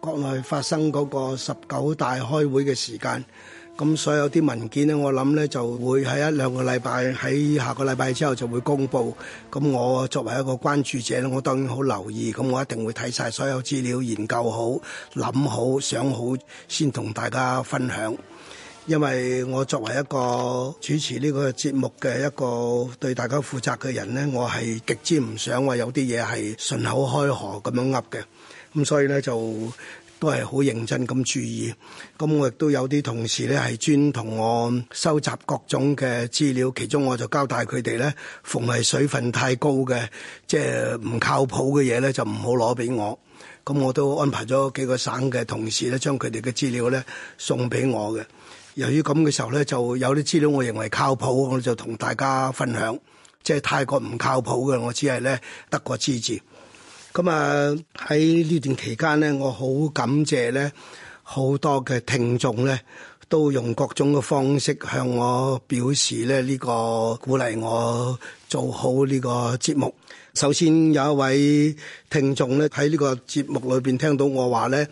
國內發生嗰個十九大開會嘅時間，咁所有啲文件呢，我諗呢就會喺一兩個禮拜，喺下個禮拜之後就會公佈。咁我作為一個關注者呢，我當然好留意。咁我一定會睇晒所有資料，研究好、諗好、想好，先同大家分享。因為我作為一個主持呢個節目嘅一個對大家負責嘅人呢，我係極之唔想話有啲嘢係順口開河咁樣噏嘅。咁所以呢，就。都係好認真咁注意，咁我亦都有啲同事咧係專同我收集各種嘅資料，其中我就交代佢哋咧，逢係水分太高嘅，即係唔靠譜嘅嘢咧，就唔好攞俾我。咁我都安排咗幾個省嘅同事咧，將佢哋嘅資料咧送俾我嘅。由於咁嘅時候咧，就有啲資料我認為靠譜，我就同大家分享。即係泰國唔靠譜嘅，我只係咧得個支持。咁啊喺呢段期間咧，我好感謝咧好多嘅聽眾咧，都用各種嘅方式向我表示咧、這、呢個鼓勵我做好呢個節目。首先有一位聽眾咧喺呢個節目裏邊聽到我話咧，誒、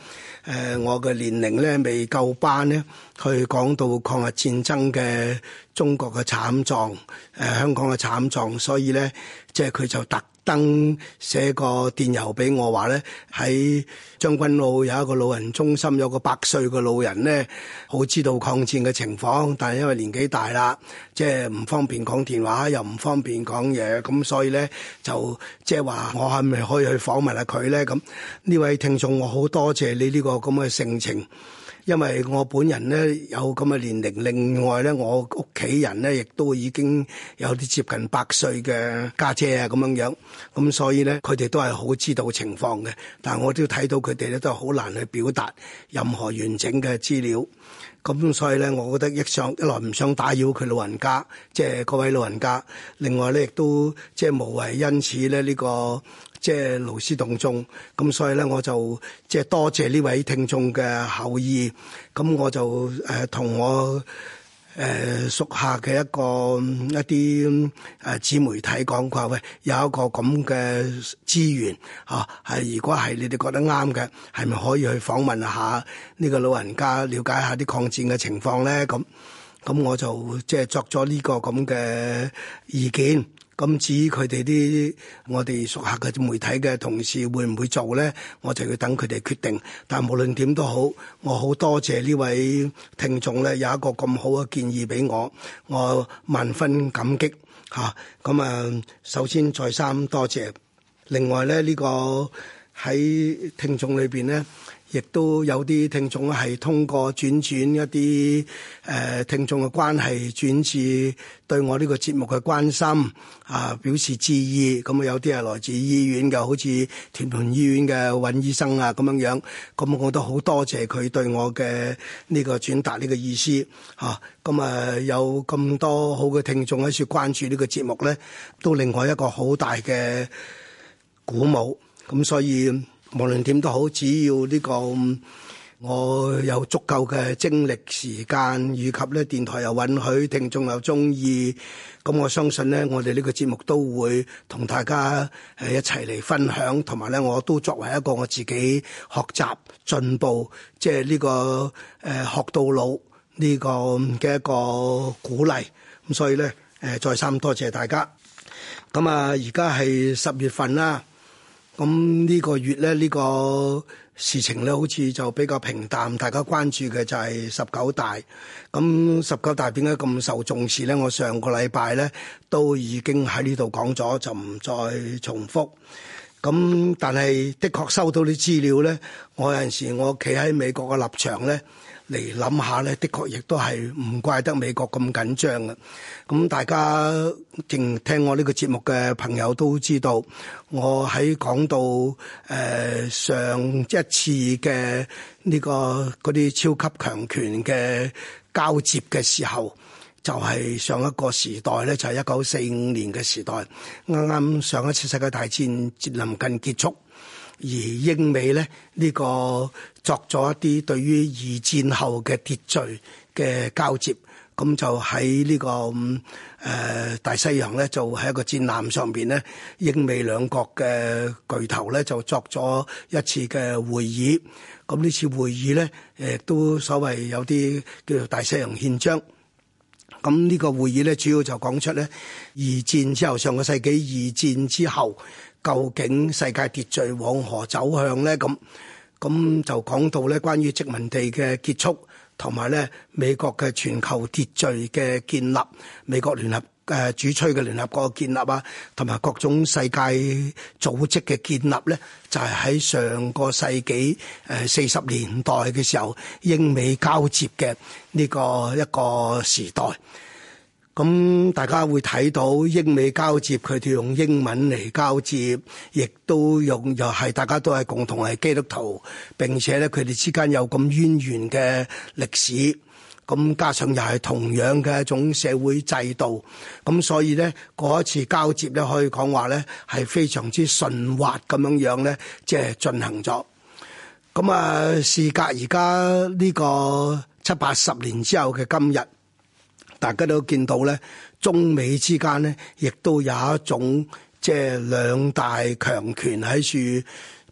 呃，我嘅年齡咧未夠班咧，去講到抗日戰爭嘅中國嘅慘狀誒香港嘅慘狀，所以咧即係佢就特登寫個電郵俾我話咧，喺將軍澳有一個老人中心，有個百歲嘅老人咧，好知道抗戰嘅情況，但係因為年紀大啦，即係唔方便講電話，又唔方便講嘢，咁所以咧就即係話我係咪可以去訪問下佢咧？咁呢位聽眾，我好多謝你呢個咁嘅盛情。因為我本人咧有咁嘅年齡，另外咧我屋企人咧亦都已經有啲接近百歲嘅家姐啊，咁樣樣，咁所以咧佢哋都係好知道情況嘅，但係我都睇到佢哋咧都係好難去表達任何完整嘅資料。咁所以咧，我覺得一想一來唔想打擾佢老人家，即係各位老人家。另外咧，亦都即係無謂因此咧呢、呢個即係勞師動眾。咁所以咧，我就即係多謝呢位聽眾嘅厚意。咁我就誒、呃、同我。誒，屬、呃、下嘅一個一啲誒紙媒體講過喂，有一個咁嘅資源嚇，係、啊、如果係你哋覺得啱嘅，係咪可以去訪問下呢個老人家，了解下啲抗戰嘅情況咧？咁咁我就即係作咗呢個咁嘅意見。咁至於佢哋啲我哋熟客嘅媒體嘅同事會唔會做呢？我就要等佢哋決定。但無論點都好，我好多謝呢位聽眾呢有一個咁好嘅建議俾我，我萬分感激嚇。咁啊，首先再三多謝。另外呢，呢個喺聽眾裏邊呢。亦都有啲聽眾係通過轉轉一啲誒、呃、聽眾嘅關係轉至對我呢個節目嘅關心啊、呃、表示致意，咁、嗯、啊有啲係來自醫院嘅，好似屯門醫院嘅尹醫生啊咁樣樣，咁、嗯、我都好多謝佢對我嘅呢個轉達呢個意思嚇。咁啊、嗯呃、有咁多好嘅聽眾喺處關注個節呢個節目咧，都令我一個好大嘅鼓舞。咁、嗯嗯、所以。無論點都好，只要呢個我有足夠嘅精力、時間，以及咧電台又允許、聽眾又鍾意，咁我相信咧，我哋呢個節目都會同大家誒一齊嚟分享，同埋咧，我都作為一個我自己學習進步，即係呢個誒學到老呢個嘅一個鼓勵。咁所以咧，誒再三多謝大家。咁啊，而家係十月份啦。咁呢個月咧，呢個事情咧，好似就比較平淡。大家關注嘅就係十九大。咁十九大點解咁受重視咧？我上個禮拜咧都已經喺呢度講咗，就唔再重複。咁但係，的確收到啲資料咧，我有陣時我企喺美國嘅立場咧。嚟諗下咧，的確亦都係唔怪得美國咁緊張嘅。咁大家勁聽，聽我呢個節目嘅朋友都知道，我喺講到誒、呃、上一次嘅呢、呢個嗰啲超級強權嘅交接嘅時候，就係、係、上一個時代咧，就係一九四五年嘅時代，啱啱上一次世界大戰臨近結束。而英美咧呢、呢個作咗一啲對於二戰後嘅秩序嘅交接，咁就喺呢、呢個誒、呃、大西洋咧，就喺一個戰艦上面咧，英美兩國嘅巨頭咧就作咗一次嘅會議。咁呢次會議咧，誒都所謂有啲叫做大西洋憲章。咁呢個會議咧，主要就講出咧二戰之後上個世紀二戰之後。上個世究竟世界秩序往何走向呢？咁咁就講到咧，關於殖民地嘅結束，同埋咧美國嘅全球秩序嘅建立，美國聯合誒主催嘅聯合國建立啊，同埋各種世界組織嘅建立咧，就係喺上個世紀誒四十年代嘅時候，英美交接嘅呢個一個時代。咁大家會睇到英美交接，佢哋用英文嚟交接，亦都用又係大家都係共同係基督徒，並且咧佢哋之間有咁淵源嘅歷史。咁加上又係同樣嘅一種社會制度，咁所以咧嗰一次交接咧可以講話咧係非常之順滑咁樣樣咧，即係進行咗。咁啊，事隔而家呢個七八十年之後嘅今日。大家都見到咧，中美之間咧，亦都有一種即係兩大強權喺處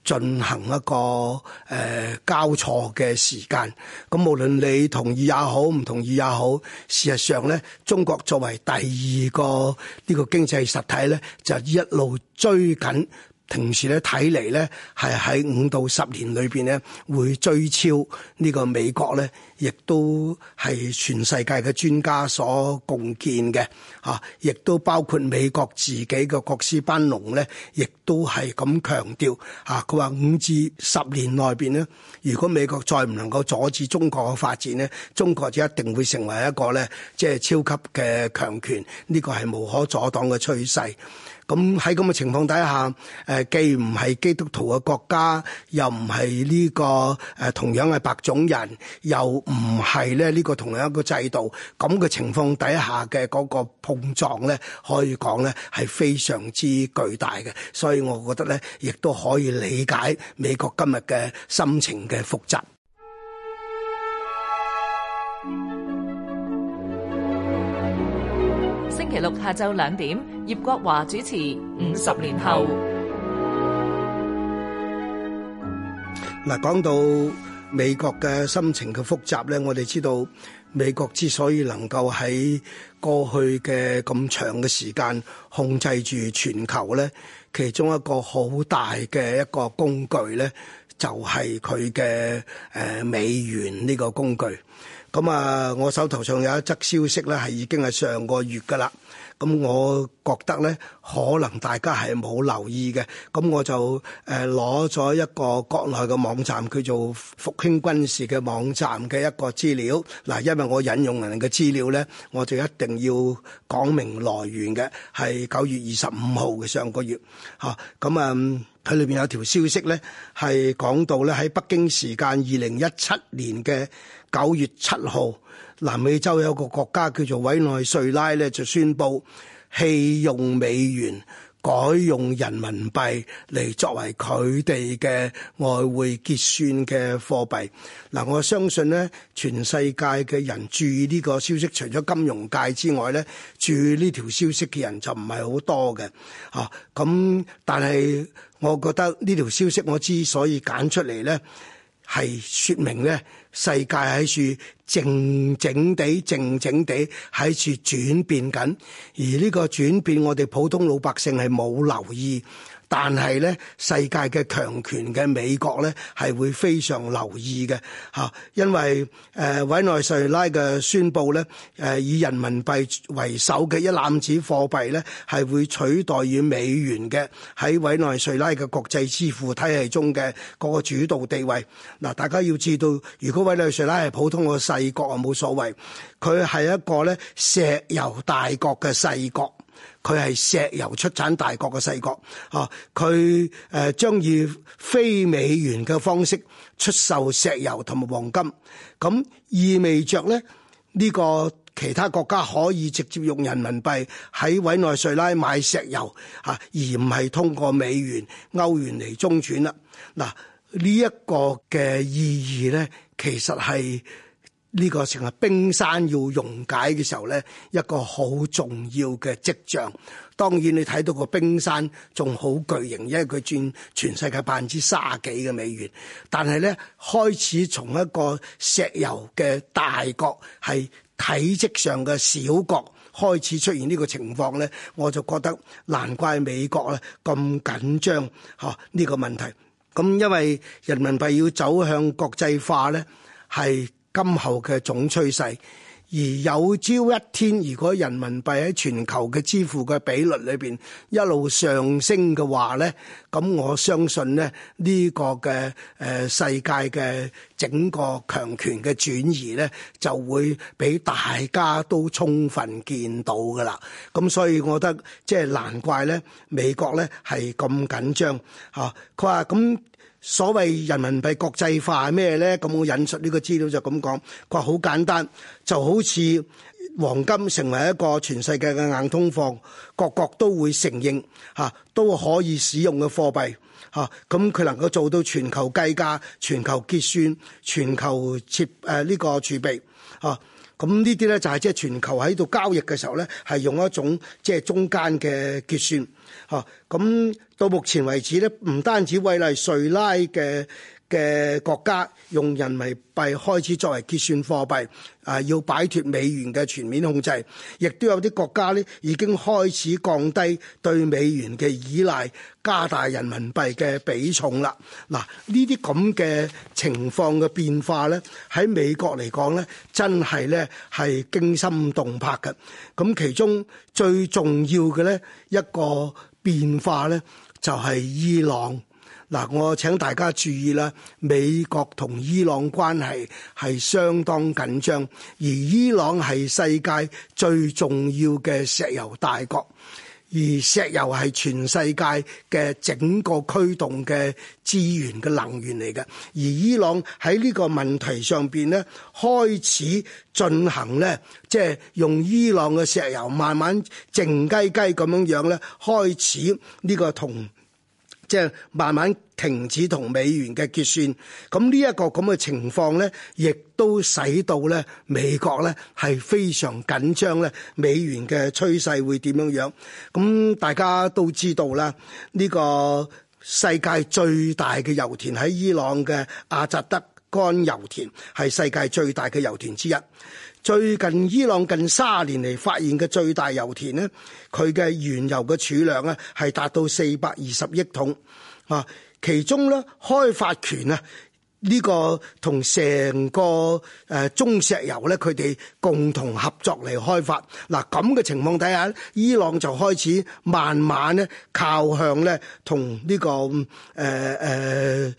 進行一個誒、呃、交錯嘅時間。咁無論你同意也好，唔同意也好，事實上咧，中國作為第二個呢個經濟實體咧，就一路追緊。同時咧，睇嚟咧，係喺五到十年裏邊咧，會追超呢個美國咧，亦都係全世界嘅專家所共建嘅嚇，亦都包括美國自己嘅國師班農咧，亦都係咁強調嚇。佢話五至十年內邊咧，如果美國再唔能夠阻止中國嘅發展咧，中國就一定會成為一個咧，即係超級嘅強權，呢個係無可阻擋嘅趨勢。咁喺咁嘅情況底下，誒既唔係基督徒嘅國家，又唔係呢個誒同樣係白種人，又唔係咧呢個同樣一個制度，咁嘅情況底下嘅嗰個碰撞咧，可以講咧係非常之巨大嘅，所以我覺得咧亦都可以理解美國今日嘅心情嘅複雜。星期六下晝兩點，葉國華主持《五十年後》。嗱，講到美國嘅心情嘅複雜咧，我哋知道美國之所以能夠喺過去嘅咁長嘅時間控制住全球咧，其中一個好大嘅一個工具咧，就係佢嘅誒美元呢個工具。咁啊，我手頭上有一則消息咧，係已經係上個月噶啦。咁我覺得咧，可能大家係冇留意嘅。咁我就誒攞咗一個國內嘅網站，叫做復興軍事嘅網站嘅一個資料。嗱，因為我引用人哋嘅資料咧，我就一定要講明來源嘅，係九月二十五號嘅上個月。嚇，咁啊，佢裏邊有條消息咧，係講到咧喺北京時間二零一七年嘅。九月七號，南美洲有一個國家叫做委內瑞拉咧，就宣布棄用美元，改用人民幣嚟作為佢哋嘅外匯結算嘅貨幣。嗱，啊，我相信咧，全世界嘅人注意呢個消息，除咗金融界之外咧，注意呢條消息嘅人就唔係好多嘅嚇。咁，啊，但係我覺得呢條消息我，我之所以揀出嚟咧。係說明咧，世界喺處靜靜地，靜靜地喺處轉變緊，而呢個轉變我哋普通老百姓係冇留意。但係咧，世界嘅強權嘅美國咧，係會非常留意嘅嚇，因為誒委內瑞拉嘅宣佈咧，誒以人民幣為首嘅一攬子貨幣咧，係會取代於美元嘅喺委內瑞拉嘅國際支付體系中嘅嗰個主導地位。嗱，大家要知道，如果委內瑞拉係普通嘅細國啊，冇所謂，佢係一個咧石油大國嘅細國。佢係石油出產大國嘅細國，嚇佢誒將以非美元嘅方式出售石油同埋黃金，咁意味着咧呢、這個其他國家可以直接用人民幣喺委內瑞拉買石油嚇、啊，而唔係通過美元、歐元嚟中轉啦。嗱、啊，呢、這、一個嘅意義咧，其實係。呢個成係冰山要溶解嘅時候呢，一個好重要嘅跡象。當然你睇到個冰山仲好巨型，因為佢佔全世界百分之三十幾嘅美元。但係呢，開始從一個石油嘅大國係體積上嘅小國開始出現呢個情況呢，我就覺得難怪美國咧咁緊張嚇呢個問題。咁因為人民幣要走向國際化呢係今後嘅總趨勢，而有朝一天，如果人民幣喺全球嘅支付嘅比率裏邊一路上升嘅話咧，咁我相信咧呢個嘅誒世界嘅整個強權嘅轉移咧，就會俾大家都充分見到噶啦。咁所以，我覺得即係難怪咧，美國咧係咁緊張嚇。佢話咁。所謂人民幣國際化係咩呢？咁我引述呢個資料就咁講，佢話好簡單，就好似黃金成為一個全世界嘅硬通貨，各國都會承認嚇，都可以使用嘅貨幣嚇，咁佢能夠做到全球計價、全球結算、全球設誒呢、呃這個儲備嚇。啊。咁呢啲咧就係即係全球喺度交易嘅時候咧，係用一種即係、就是、中間嘅結算，嚇。咁到目前為止咧，唔單止委內瑞拉嘅嘅國家用人民幣開始作為結算貨幣，啊，要擺脫美元嘅全面控制，亦都有啲國家呢，已經開始降低對美元嘅依賴，加大人民幣嘅比重啦。嗱，呢啲咁嘅情況嘅變化呢，喺美國嚟講呢，真係呢係驚心動魄嘅。咁其中最重要嘅呢一個變化呢，就係伊朗。嗱，我請大家注意啦，美國同伊朗關係係相當緊張，而伊朗係世界最重要嘅石油大國，而石油係全世界嘅整個驅動嘅資源嘅能源嚟嘅，而伊朗喺呢個問題上邊咧，開始進行咧，即係用伊朗嘅石油慢慢靜雞雞咁樣樣咧，開始呢個同。即係慢慢停止同美元嘅結算，咁呢一個咁嘅情況咧，亦都使到咧美國咧係非常緊張咧，美元嘅趨勢會點樣樣？咁大家都知道啦，呢個世界最大嘅油田喺伊朗嘅阿扎德干油田，係世界最大嘅油田之一。最近伊朗近卅年嚟發現嘅最大油田咧，佢嘅原油嘅儲量咧係達到四百二十億桶啊！其中咧開發權啊，呢、呢個同成個誒、呃、中石油咧佢哋共同合作嚟開發。嗱咁嘅情況底下，伊朗就開始慢慢咧靠向咧同呢、呢個誒誒、呃呃、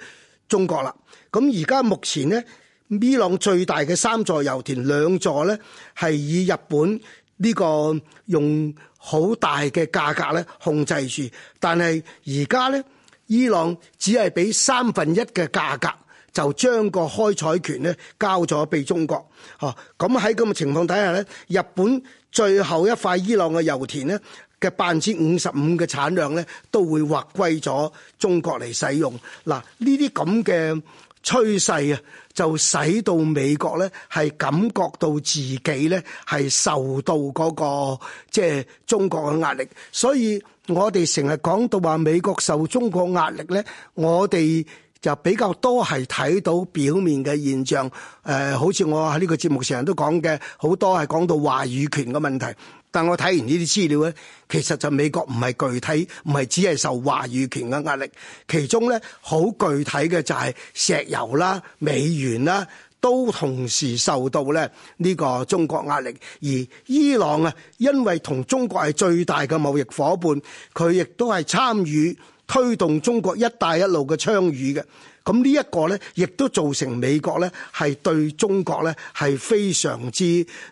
中國啦。咁而家目前咧。伊朗最大嘅三座油田，兩座咧係以日本呢個用好大嘅價格咧控制住，但係而家咧伊朗只係俾三分一嘅價格就將個開採權咧交咗俾中國，嗬、啊？咁喺咁嘅情況底下咧，日本最後一塊伊朗嘅油田咧嘅百分之五十五嘅產量咧都會劃歸咗中國嚟使用。嗱、啊，呢啲咁嘅趨勢啊，就使到美國咧係感覺到自己咧係受到嗰、那個即係、就是、中國嘅壓力，所以我哋成日講到話美國受中國壓力咧，我哋就比較多係睇到表面嘅現象，誒、呃，好似我喺呢個節目成日都講嘅，好多係講到話語權嘅問題。但我睇完呢啲資料咧，其實就美國唔係具體，唔係只係受話語權嘅壓力，其中咧好具體嘅就係石油啦、美元啦，都同時受到咧呢個中國壓力。而伊朗啊，因為同中國係最大嘅貿易伙伴，佢亦都係參與推動中國一帶一路嘅倡議嘅。咁呢一個咧，亦都造成美國咧，係對中國咧係非常之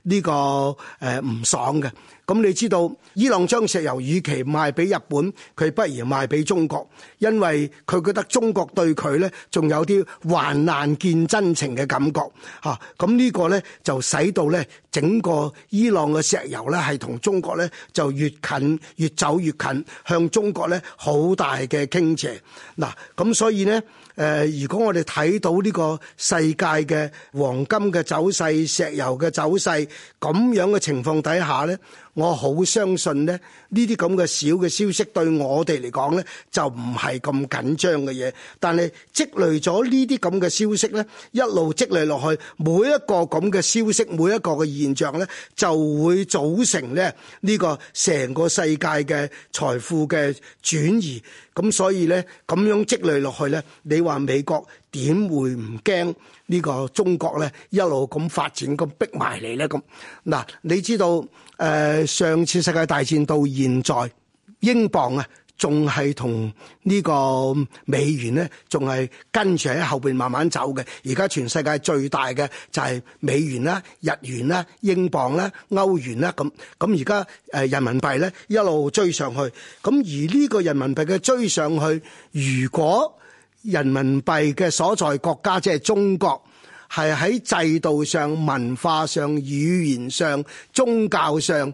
呢個誒唔爽嘅。咁你知道伊朗將石油與其賣俾日本，佢不如賣俾中國，因為佢覺得中國對佢呢仲有啲患難見真情嘅感覺嚇。咁、啊、呢個呢，就使到呢整個伊朗嘅石油呢係同中國呢就越近越走越近，向中國呢好大嘅傾斜。嗱、啊，咁所以呢，誒、呃，如果我哋睇到呢個世界嘅黃金嘅走勢、石油嘅走勢咁樣嘅情況底下呢。我好相信咧，呢啲咁嘅小嘅消息對我哋嚟講咧，就唔係咁緊張嘅嘢。但係積累咗呢啲咁嘅消息咧，一路積累落去，每一個咁嘅消息，每一個嘅現象咧，就會組成咧呢個成個世界嘅財富嘅轉移。咁所以咧，咁樣積累落去咧，你話美國點會唔驚呢個中國咧一路咁發展咁逼埋嚟咧？咁嗱，你知道？誒、呃、上次世界大戰到現在，英鎊啊，仲係同呢個美元咧，仲係跟住喺後邊慢慢走嘅。而家全世界最大嘅就係美元啦、日元啦、英鎊啦、歐元啦，咁咁而家誒人民幣咧一路追上去。咁而呢個人民幣嘅追上去，如果人民幣嘅所在國家即係中國。係喺制度上、文化上、語言上、宗教上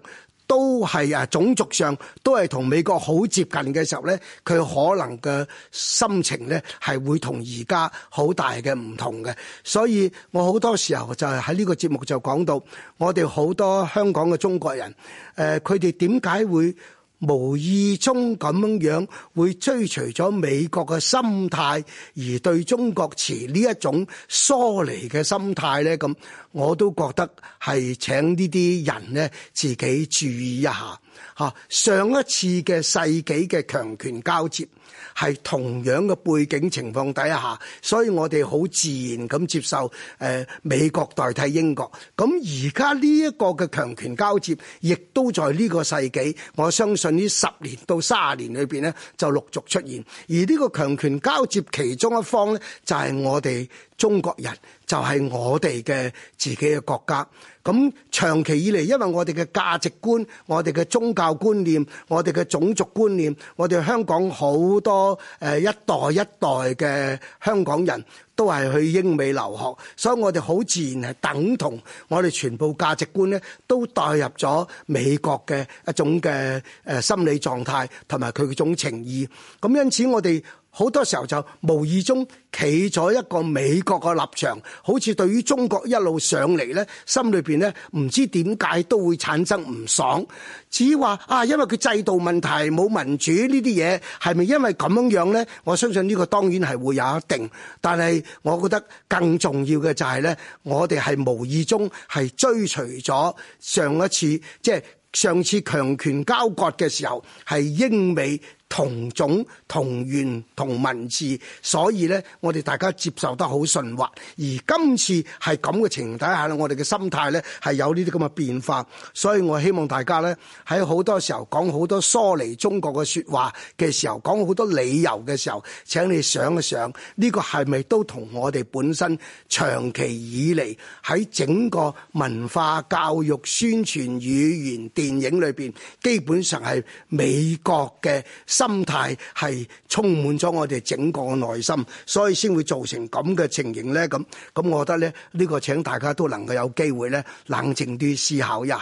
都，都係啊，種族上都係同美國好接近嘅時候咧，佢可能嘅心情咧係會同而家好大嘅唔同嘅，所以我好多時候就係喺呢個節目就講到，我哋好多香港嘅中國人，誒佢哋點解會？無意中咁樣樣會追隨咗美國嘅心態，而對中國持呢一種疏離嘅心態咧，咁我都覺得係請呢啲人咧自己注意一下。吓，上一次嘅世紀嘅強權交接係同樣嘅背景情況底下，所以我哋好自然咁接受誒美國代替英國。咁而家呢一個嘅強權交接，亦都在呢個世紀。我相信呢十年到三十年裏邊咧，就陸續出現，而呢個強權交接其中一方咧，就係我哋中國人。就係我哋嘅自己嘅國家。咁長期以嚟，因為我哋嘅價值觀、我哋嘅宗教觀念、我哋嘅種族觀念，我哋香港好多誒、呃、一代一代嘅香港人都係去英美留學，所以我哋好自然係等同我哋全部價值觀咧，都代入咗美國嘅一種嘅誒、呃、心理狀態同埋佢嗰種情意。咁因此我哋，好多時候就無意中企咗一個美國嘅立場，好似對於中國一路上嚟呢，心裏邊呢唔知點解都會產生唔爽。至於話啊，因為佢制度問題冇民主呢啲嘢，係咪因為咁樣樣呢？我相信呢個當然係會有一定，但係我覺得更重要嘅就係呢，我哋係無意中係追隨咗上一次即係、就是、上次強權交割嘅時候係英美。同種同源同文字，所以咧，我哋大家接受得好順滑。而今次係咁嘅情態下，我哋嘅心態咧係有呢啲咁嘅變化，所以我希望大家咧喺好多時候講好多疏離中國嘅説話嘅時候，講好多理由嘅時候，請你想一想，呢個係咪都同我哋本身長期以嚟喺整個文化教育宣傳語言電影裏邊，基本上係美國嘅。心態係充滿咗我哋整個嘅內心，所以先會造成咁嘅情形咧。咁咁，我覺得咧呢個，請大家都能夠有機會咧冷靜啲思考一下。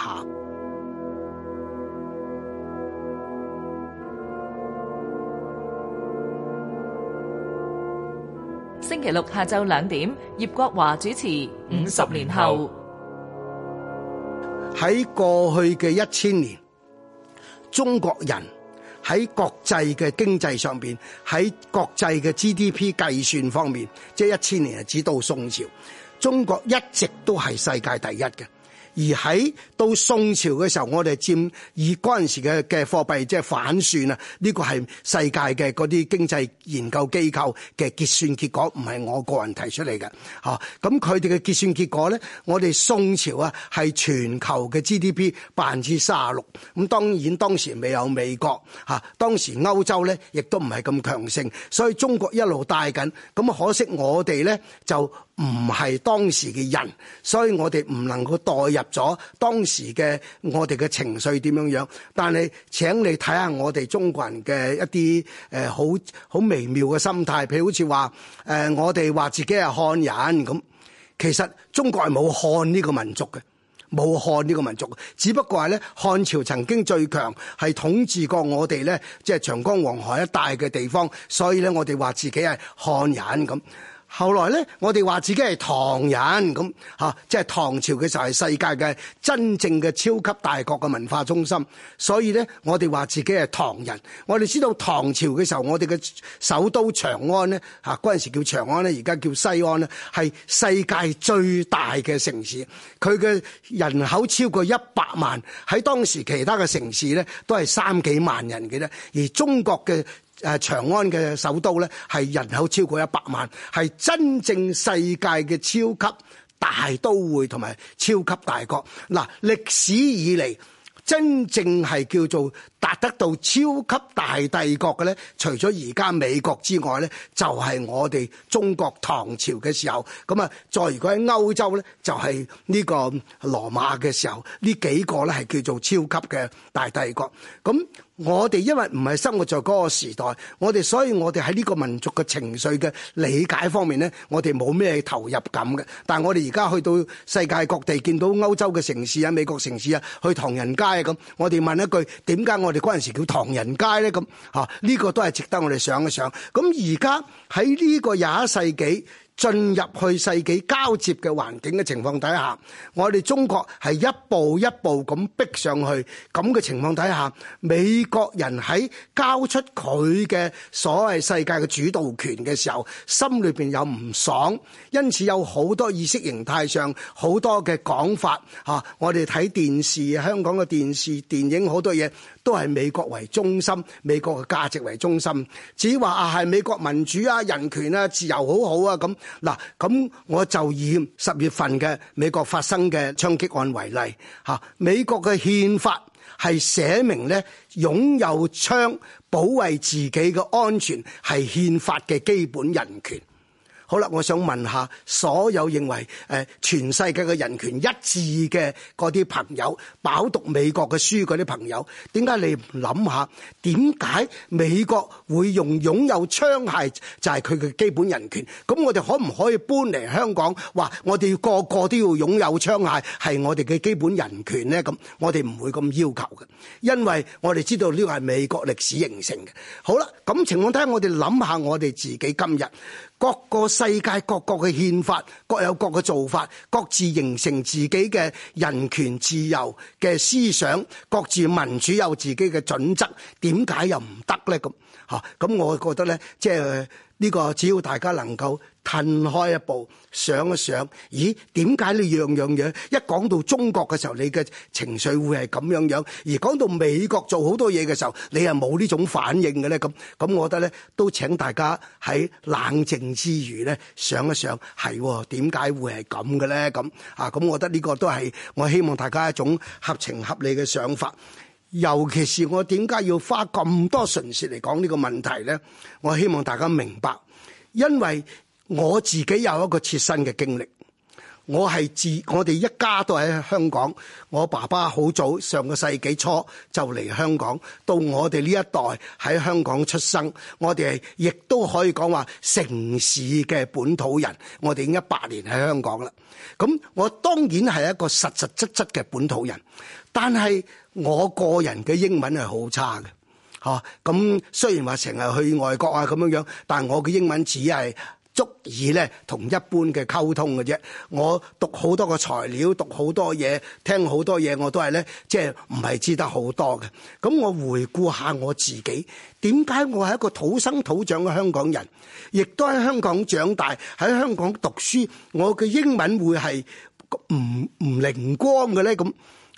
星期六下晝兩點，葉國華主持《五十年後》。喺過去嘅一千年，中國人。喺國際嘅經濟上邊，喺國際嘅 GDP 計算方面，即係一千年啊，只到宋朝，中國一直都係世界第一嘅。而喺到宋朝嘅時候，我哋占以陣時嘅嘅貨幣即係反算啊，呢個係世界嘅啲經濟研究機構嘅結算結果，唔係我個人提出嚟嘅。吓咁佢哋嘅結算結果咧，我哋宋朝啊係全球嘅 GDP 百分之卅六。咁當然當時未有美國吓、啊、當時歐洲咧亦都唔係咁強盛，所以中國一路帶緊。咁可惜我哋咧就唔係當時嘅人，所以我哋唔能夠代入。咗當時嘅我哋嘅情緒點樣樣？但係請你睇下我哋中國人嘅一啲誒、呃、好好微妙嘅心態，譬如好似話誒，我哋話自己係漢人咁。其實中國係冇漢呢個民族嘅，冇漢呢個民族，只不過係咧漢朝曾經最強，係統治過我哋咧，即、就、係、是、長江黃海一帶嘅地方，所以咧我哋話自己係漢人咁。後來呢，我哋話自己係唐人咁嚇、啊，即係唐朝嘅時候係世界嘅真正嘅超級大國嘅文化中心，所以呢，我哋話自己係唐人。我哋知道唐朝嘅時候，我哋嘅首都長安呢，嚇、啊，嗰陣時叫長安咧，而家叫西安啦，係世界最大嘅城市，佢嘅人口超過一百萬，喺當時其他嘅城市呢，都係三幾萬人嘅啦，而中國嘅。誒，長安嘅首都咧，係人口超過一百萬，係真正世界嘅超級大都會同埋超級大國。嗱，歷史以嚟，真正係叫做。達得到超級大帝國嘅咧，除咗而家美國之外咧，就係我哋中國唐朝嘅時候。咁啊，再如果喺歐洲咧，就係呢個羅馬嘅時候，呢幾個咧係叫做超級嘅大帝國。咁我哋因為唔係生活在嗰個時代，我哋所以我哋喺呢個民族嘅情緒嘅理解方面咧，我哋冇咩投入感嘅。但係我哋而家去到世界各地，見到歐洲嘅城市啊、美國城市啊、去唐人街啊咁，我哋問一句：點解我？我哋嗰陣時叫唐人街呢？咁嚇呢個都係值得我哋想一想。咁而家喺呢個廿一世紀進入去世紀交接嘅環境嘅情況底下，我哋中國係一步一步咁逼上去。咁嘅情況底下，美國人喺交出佢嘅所謂世界嘅主導權嘅時候，心裏邊又唔爽，因此有好多意識形態上好多嘅講法嚇、啊。我哋睇電視，香港嘅電視電影好多嘢。都係美國為中心，美國嘅價值為中心。只話係美國民主啊、人權啊、自由好好啊咁嗱，咁我就以十月份嘅美國發生嘅槍擊案為例嚇。美國嘅憲法係寫明咧擁有槍，保衞自己嘅安全係憲法嘅基本人權。好啦，我想問下所有認為誒全世界嘅人權一致嘅嗰啲朋友，飽讀美國嘅書嗰啲朋友，點解你唔諗下？點解美國會用擁有槍械就係佢嘅基本人權？咁我哋可唔可以搬嚟香港？話我哋個個都要擁有槍械係我哋嘅基本人權呢？咁我哋唔會咁要求嘅，因為我哋知道呢個係美國歷史形成嘅。好啦，咁情況睇下，我哋諗下我哋自己今日。各個世界各國嘅憲法各有各嘅做法，各自形成自己嘅人權自由嘅思想，各自民主有自己嘅準則，點解又唔得呢？咁嚇咁，我覺得呢，即係。呢個只要大家能夠褪開一步，想一想，咦？點解你樣樣嘢，一講到中國嘅時候，你嘅情緒會係咁樣樣，而講到美國做好多嘢嘅時候，你係冇呢種反應嘅咧？咁咁，我覺得咧，都請大家喺冷靜之餘咧，想一想，係點解會係咁嘅咧？咁啊，咁我覺得呢個都係我希望大家一種合情合理嘅想法。尤其是我點解要花咁多唇舌嚟講呢個問題咧？我希望大家明白，因為我自己有一個切身嘅經歷，我係自我哋一家都喺香港，我爸爸好早上個世紀初就嚟香港，到我哋呢一代喺香港出生，我哋亦都可以講話城市嘅本土人。我哋已經一百年喺香港啦，咁我當然係一個實實質質嘅本土人，但係，我個人嘅英文係好差嘅，嚇、啊、咁雖然話成日去外國啊咁樣樣，但係我嘅英文只係足以咧同一般嘅溝通嘅啫。我讀好多個材料，讀好多嘢，聽好多嘢，我都係咧，即係唔係知得好多嘅。咁我回顧下我自己，點解我係一個土生土長嘅香港人，亦都喺香港長大，喺香港讀書，我嘅英文會係唔唔靈光嘅咧？咁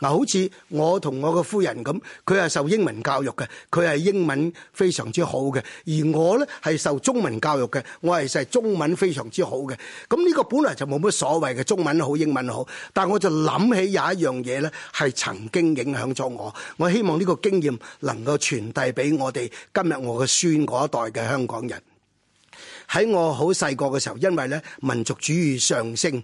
嗱，好似我同我個夫人咁，佢係受英文教育嘅，佢係英文非常之好嘅；而我呢，係受中文教育嘅，我其實中文非常之好嘅。咁呢個本來就冇乜所謂嘅，中文好英文好。但我就諗起有一樣嘢呢，係曾經影響咗我。我希望呢個經驗能夠傳遞俾我哋今日我個孫嗰一代嘅香港人。喺我好細個嘅時候，因為呢民族主義上升。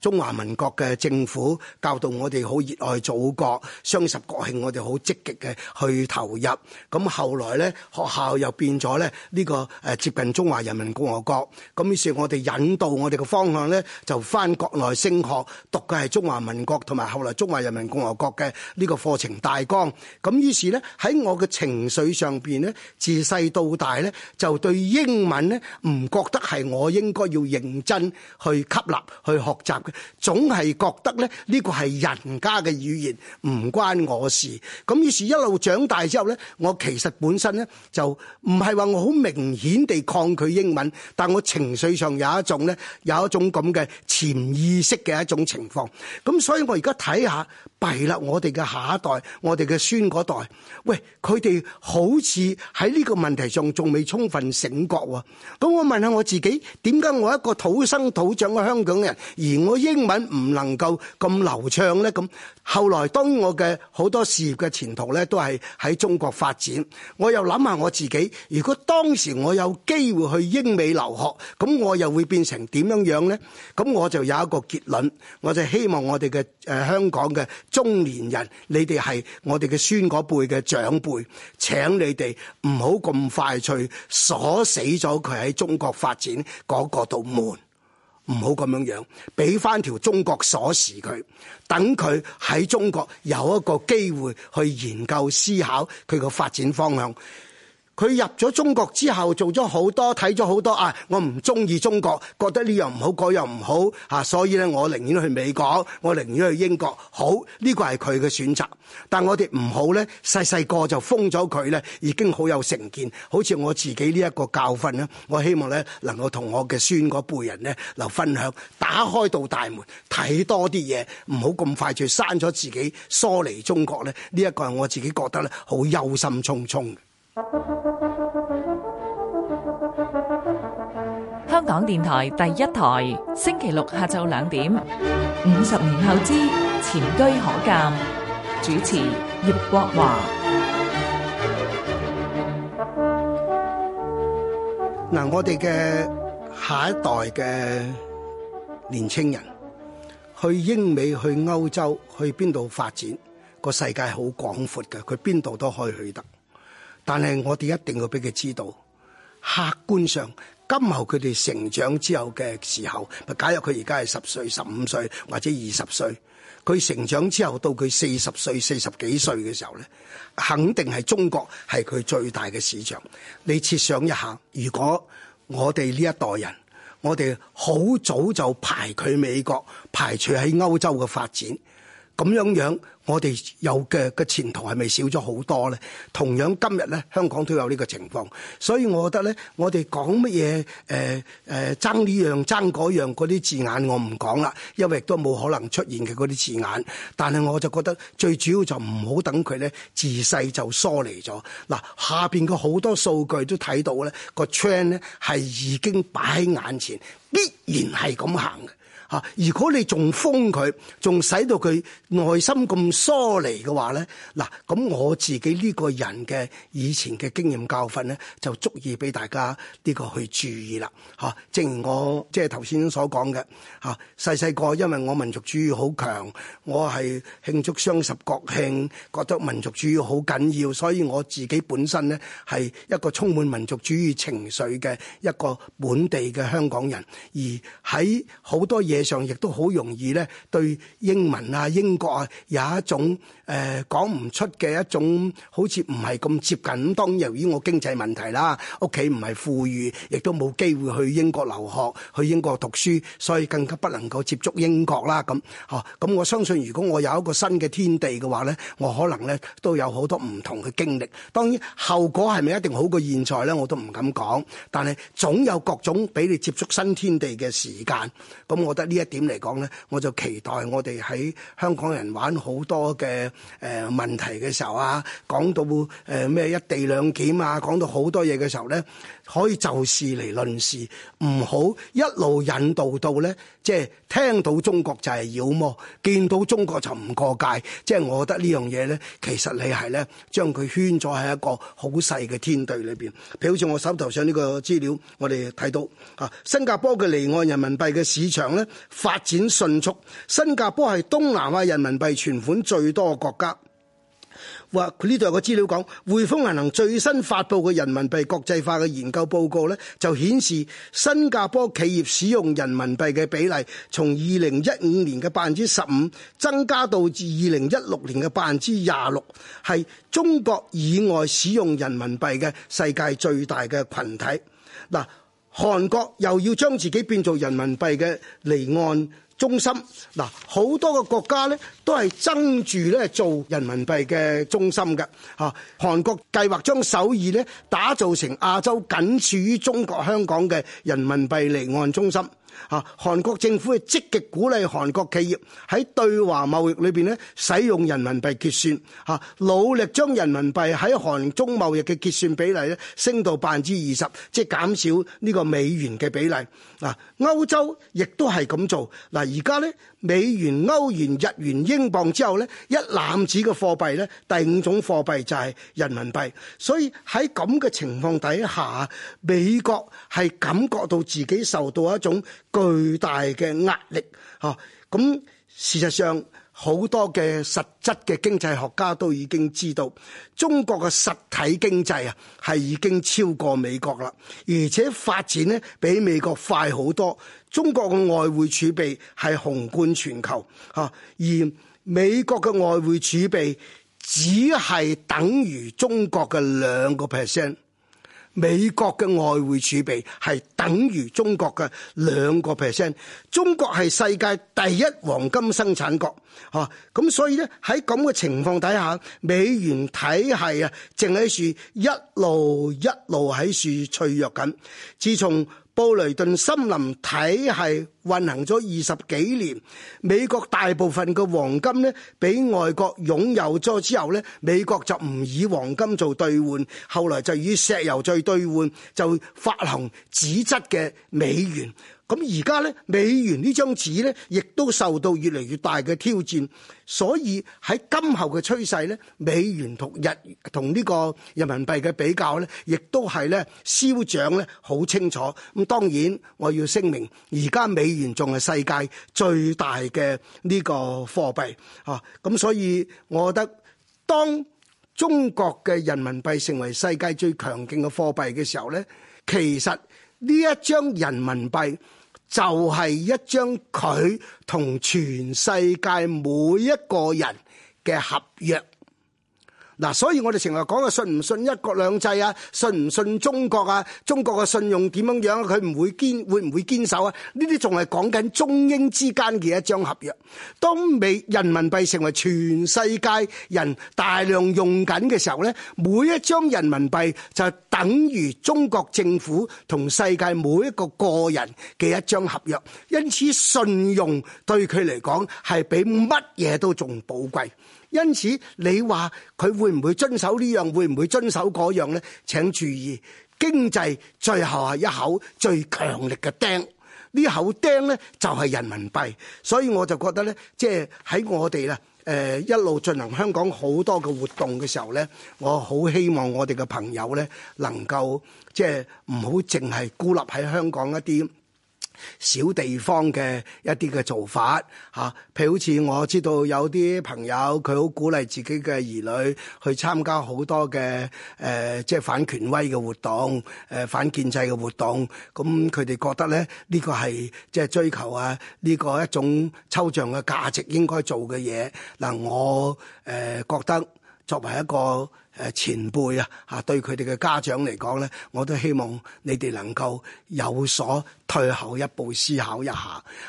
中華民國嘅政府教導我哋好熱愛祖國，雙十國慶我哋好積極嘅去投入。咁後來咧，學校又變咗咧呢個誒接近中華人民共和國，咁於是，我哋引導我哋嘅方向咧，就翻國內升學讀嘅係中華民國同埋後來中華人民共和國嘅呢個課程大綱，咁於是咧喺我嘅情緒上邊，咧自細到大咧就對英文咧唔覺得係我應該要認真去吸納去學習。總係覺得咧呢個係人家嘅語言，唔關我事。咁於是，一路長大之後咧，我其實本身咧就唔係話我好明顯地抗拒英文，但我情緒上有一種咧，有一種咁嘅潛意識嘅一種情況。咁所以我而家睇下，弊啦！我哋嘅下一代，我哋嘅孫嗰代，喂，佢哋好似喺呢個問題上仲未充分醒覺喎。咁我問下我自己，點解我一個土生土長嘅香港人，而我，英文唔能夠咁流暢呢，咁後來當我嘅好多事業嘅前途呢，都係喺中國發展。我又諗下我自己，如果當時我有機會去英美留學，咁我又會變成點樣樣呢？咁我就有一個結論，我就希望我哋嘅誒香港嘅中年人，你哋係我哋嘅孫嗰輩嘅長輩，請你哋唔好咁快脆鎖死咗佢喺中國發展嗰個道門。唔好咁樣樣，俾翻條中國鎖匙佢，等佢喺中國有一個機會去研究思考佢個發展方向。佢入咗中國之後，做咗好多，睇咗好多啊！我唔中意中國，覺得呢樣唔好，嗰樣唔好嚇，啊，所以咧，我寧願去美國，我寧願去英國，好，呢個係佢嘅選擇。但我哋唔好呢，細細個就封咗佢呢，已經好有成見。好似我自己呢一個教訓咧，我希望呢，能夠同我嘅孫嗰輩人呢，嗱，分享，打開道大門，睇多啲嘢，唔好咁快就閂咗自己，疏離中國呢。呢一個係我自己覺得呢，好憂心忡忡。港電台第一台，星期六下晝兩點。五十年後之前車可鑑，主持葉國華。嗱，我哋嘅下一代嘅年青人去英美、去歐洲、去邊度發展，個世界好廣闊嘅，佢邊度都可以去得。但係我哋一定要俾佢知道，客觀上。今後佢哋成長之後嘅時候，假若佢而家係十歲、十五歲或者二十歲，佢成長之後到佢四十歲、四十幾歲嘅時候咧，肯定係中國係佢最大嘅市場。你設想一下，如果我哋呢一代人，我哋好早就排佢美國，排除喺歐洲嘅發展，咁樣樣。我哋有嘅嘅前途係咪少咗好多咧？同樣今日咧，香港都有呢個情況，所以我覺得咧，我哋講乜嘢誒誒爭呢樣爭嗰樣嗰啲字眼，我唔講啦，因為亦都冇可能出現嘅嗰啲字眼。但係我就覺得最主要就唔好等佢咧自細就疏離咗。嗱，下邊嘅好多數據都睇到咧，個 trend 咧，係已經擺喺眼前，必然係咁行。吓，如果你仲封佢，仲使到佢內心咁疏離嘅話咧，嗱，咁我自己呢個人嘅以前嘅經驗教訓咧，就足以俾大家呢個去注意啦。吓，正如我即係頭先所講嘅，吓，細細個因為我民族主義好強，我係慶祝雙十國慶，覺得民族主義好緊要，所以我自己本身咧係一個充滿民族主義情緒嘅一個本地嘅香港人，而喺好多嘢，上亦都好容易咧，對英文啊、英國啊，有一種誒講唔出嘅一種好似唔係咁接近。當然由於我經濟問題啦，屋企唔係富裕，亦都冇機會去英國留學去英國讀書，所以更加不能夠接觸英國啦。咁，吓、啊，咁我相信，如果我有一個新嘅天地嘅話咧，我可能咧都有好多唔同嘅經歷，當然，後果係咪一定好過現在咧，我都唔敢講，但係總有各種俾你接觸新天地嘅時間，咁，我覺得。呢一點嚟講呢，我就期待我哋喺香港人玩好多嘅誒問題嘅時候啊，講到誒咩一地兩檢啊，講到好多嘢嘅時候呢，可以就事嚟論事，唔好一路引導到呢，即係聽到中國就係妖魔，見到中國就唔過界。即係我覺得呢樣嘢呢，其實你係呢，將佢圈咗喺一個好細嘅天地裏邊。譬如好似我手頭上呢個資料，我哋睇到啊，新加坡嘅離岸人民幣嘅市場呢。發展迅速，新加坡係東南亞人民幣存款最多嘅國家。哇，佢呢度有個資料講，匯豐銀行最新發佈嘅人民幣國際化嘅研究報告，呢，就顯示新加坡企業使用人民幣嘅比例從，從二零一五年嘅百分之十五增加到至二零一六年嘅百分之廿六，係中國以外使用人民幣嘅世界最大嘅群體。嗱。韓國又要將自己變做人民幣嘅離岸中心，嗱，好多個國家咧都係爭住咧做人民幣嘅中心嘅嚇。韓國計劃將首爾咧打造成亞洲僅次於中國香港嘅人民幣離岸中心。嚇，韓國政府係積極鼓勵韓國企業喺對華貿易裏邊咧使用人民幣結算，嚇，努力將人民幣喺韓中貿易嘅結算比例咧升到百分之二十，即係減少呢個美元嘅比例。嗱，歐洲亦都係咁做。嗱，而家咧美元、歐元、日元、英鎊之後咧，一籃子嘅貨幣咧，第五種貨幣就係人民幣。所以喺咁嘅情況底下，美國係感覺到自己受到一種巨大嘅壓力，嚇！咁事實上好多嘅實質嘅經濟學家都已經知道，中國嘅實體經濟啊係已經超過美國啦，而且發展咧比美國快好多。中國嘅外匯儲備係雄冠全球，嚇！而美國嘅外匯儲備只係等於中國嘅兩個 percent。美國嘅外匯儲備係等於中國嘅兩個 percent，中國係世界第一黃金生產國，嚇、啊、咁所以咧喺咁嘅情況底下，美元體系啊，淨係喺樹一路一路喺樹脆弱緊，自從。布雷頓森林體系運行咗二十幾年，美國大部分嘅黃金呢俾外國擁有咗之後呢，美國就唔以黃金做兌換，後來就以石油再兌換，就發行紙質嘅美元。咁而家咧，美元呢張紙咧，亦都受到越嚟越大嘅挑戰，所以喺今後嘅趨勢咧，美元同日同呢個人民幣嘅比較咧，亦都係咧消長咧，好清楚。咁當然我要聲明，而家美元仲係世界最大嘅呢個貨幣啊，咁所以我覺得，當中國嘅人民幣成為世界最強勁嘅貨幣嘅時候咧，其實呢一張人民幣。就係一張佢同全世界每一個人嘅合約。嗱，所以我哋成日講嘅信唔信一國兩制啊，信唔信中國啊，中國嘅信用點樣樣，佢唔會堅，會唔會堅守啊？呢啲仲係講緊中英之間嘅一張合約。當美人民幣成為全世界人大量用緊嘅時候咧，每一張人民幣就等於中國政府同世界每一個個人嘅一張合約。因此，信用對佢嚟講係比乜嘢都仲寶貴。因此，你話佢會唔會遵守呢樣？會唔會遵守嗰樣咧？請注意，經濟最後係一口最強力嘅釘，呢口釘呢，就係、是、人民幣。所以我就覺得呢，即係喺我哋咧，誒、呃、一路進行香港好多嘅活動嘅時候呢，我好希望我哋嘅朋友呢，能夠即係唔好淨係孤立喺香港一啲。小地方嘅一啲嘅做法嚇，譬如好似我知道有啲朋友佢好鼓勵自己嘅兒女去參加好多嘅誒，即係反權威嘅活動，誒反建制嘅活動。咁佢哋覺得咧呢個係即係追求啊呢個一種抽象嘅價值應該做嘅嘢。嗱，我誒覺得作為一個。誒前輩啊，嚇對佢哋嘅家長嚟講咧，我都希望你哋能夠有所退後一步思考一下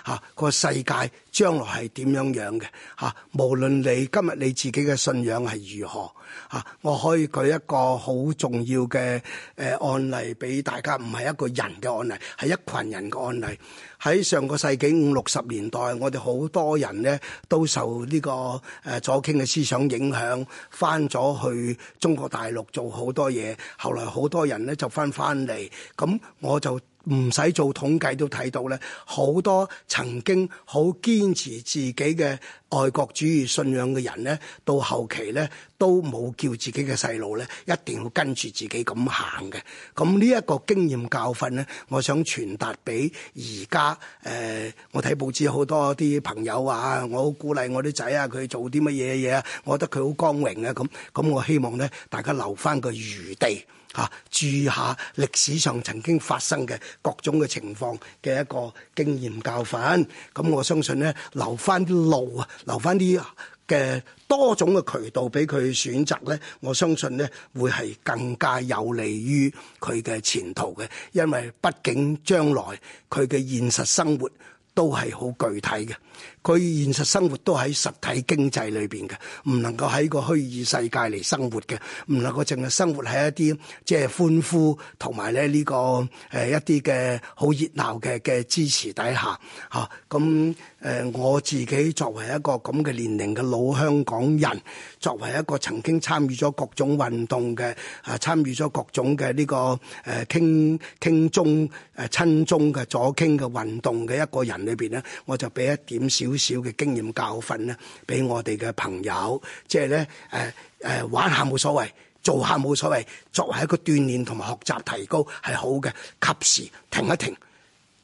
嚇個、啊、世界將來係點樣樣嘅嚇，無論你今日你自己嘅信仰係如何嚇、啊，我可以舉一個好重要嘅誒案例俾大家，唔係一個人嘅案例，係一群人嘅案例。喺上個世紀五六十年代，我哋好多人咧都受呢個誒左傾嘅思想影響，翻咗去。中國大陸做好多嘢，後來好多人咧就翻翻嚟，咁我就唔使做統計都睇到咧，好多曾經好堅持自己嘅。愛國主義信仰嘅人咧，到後期咧都冇叫自己嘅細路咧，一定要跟住自己咁行嘅。咁呢一個經驗教訓咧，我想傳達俾而家誒，我睇報紙好多啲朋友啊，我好鼓勵我啲仔啊，佢做啲乜嘢嘢啊，我覺得佢好光榮啊。咁咁，我希望咧大家留翻個餘地嚇、啊，注意下歷史上曾經發生嘅各種嘅情況嘅一個經驗教訓。咁我相信咧，留翻啲路啊！留翻啲嘅多種嘅渠道俾佢選擇咧，我相信咧會係更加有利於佢嘅前途嘅，因為畢竟將來佢嘅現實生活都係好具體嘅。佢現實生活都喺實體經濟裏邊嘅，唔能夠喺個虛擬世界嚟生活嘅，唔能夠淨係生活喺一啲即係歡呼同埋咧呢個誒、呃、一啲嘅好熱鬧嘅嘅支持底下吓。咁、啊、誒、嗯呃、我自己作為一個咁嘅年齡嘅老香港人，作為一個曾經參與咗各種運動嘅啊參與咗各種嘅呢、這個誒傾傾中誒親、啊、中嘅左傾嘅運動嘅一個人裏邊咧，我就俾一點小。少少嘅經驗教訓咧，俾我哋嘅朋友，即係咧，誒、呃、誒，玩下冇所謂，做下冇所謂，作為一個鍛煉同埋學習提高係好嘅。及時停一停，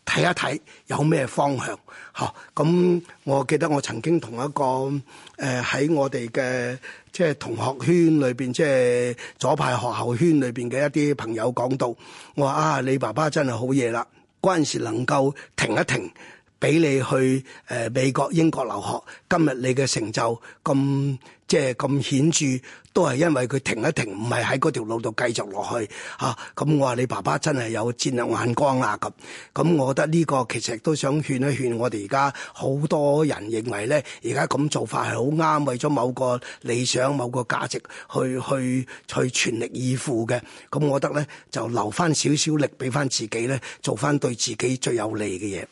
睇一睇有咩方向吓。咁、嗯、我記得我曾經同一個誒喺、呃、我哋嘅即係同學圈裏邊，即係左派學校圈裏邊嘅一啲朋友講到，我話啊，你爸爸真係好嘢啦，嗰陣時能夠停一停。俾你去誒美國、英國留學，今日你嘅成就咁即係咁顯著，都係因為佢停一停，唔係喺嗰條路度繼續落去嚇。咁、啊、我話你爸爸真係有戰略眼光啊！咁咁，我覺得呢個其實都想勸一勸我哋而家好多人認為咧，而家咁做法係好啱，為咗某個理想、某個價值去去去，去全力以赴嘅。咁我覺得咧，就留翻少少力俾翻自己咧，做翻對自己最有利嘅嘢。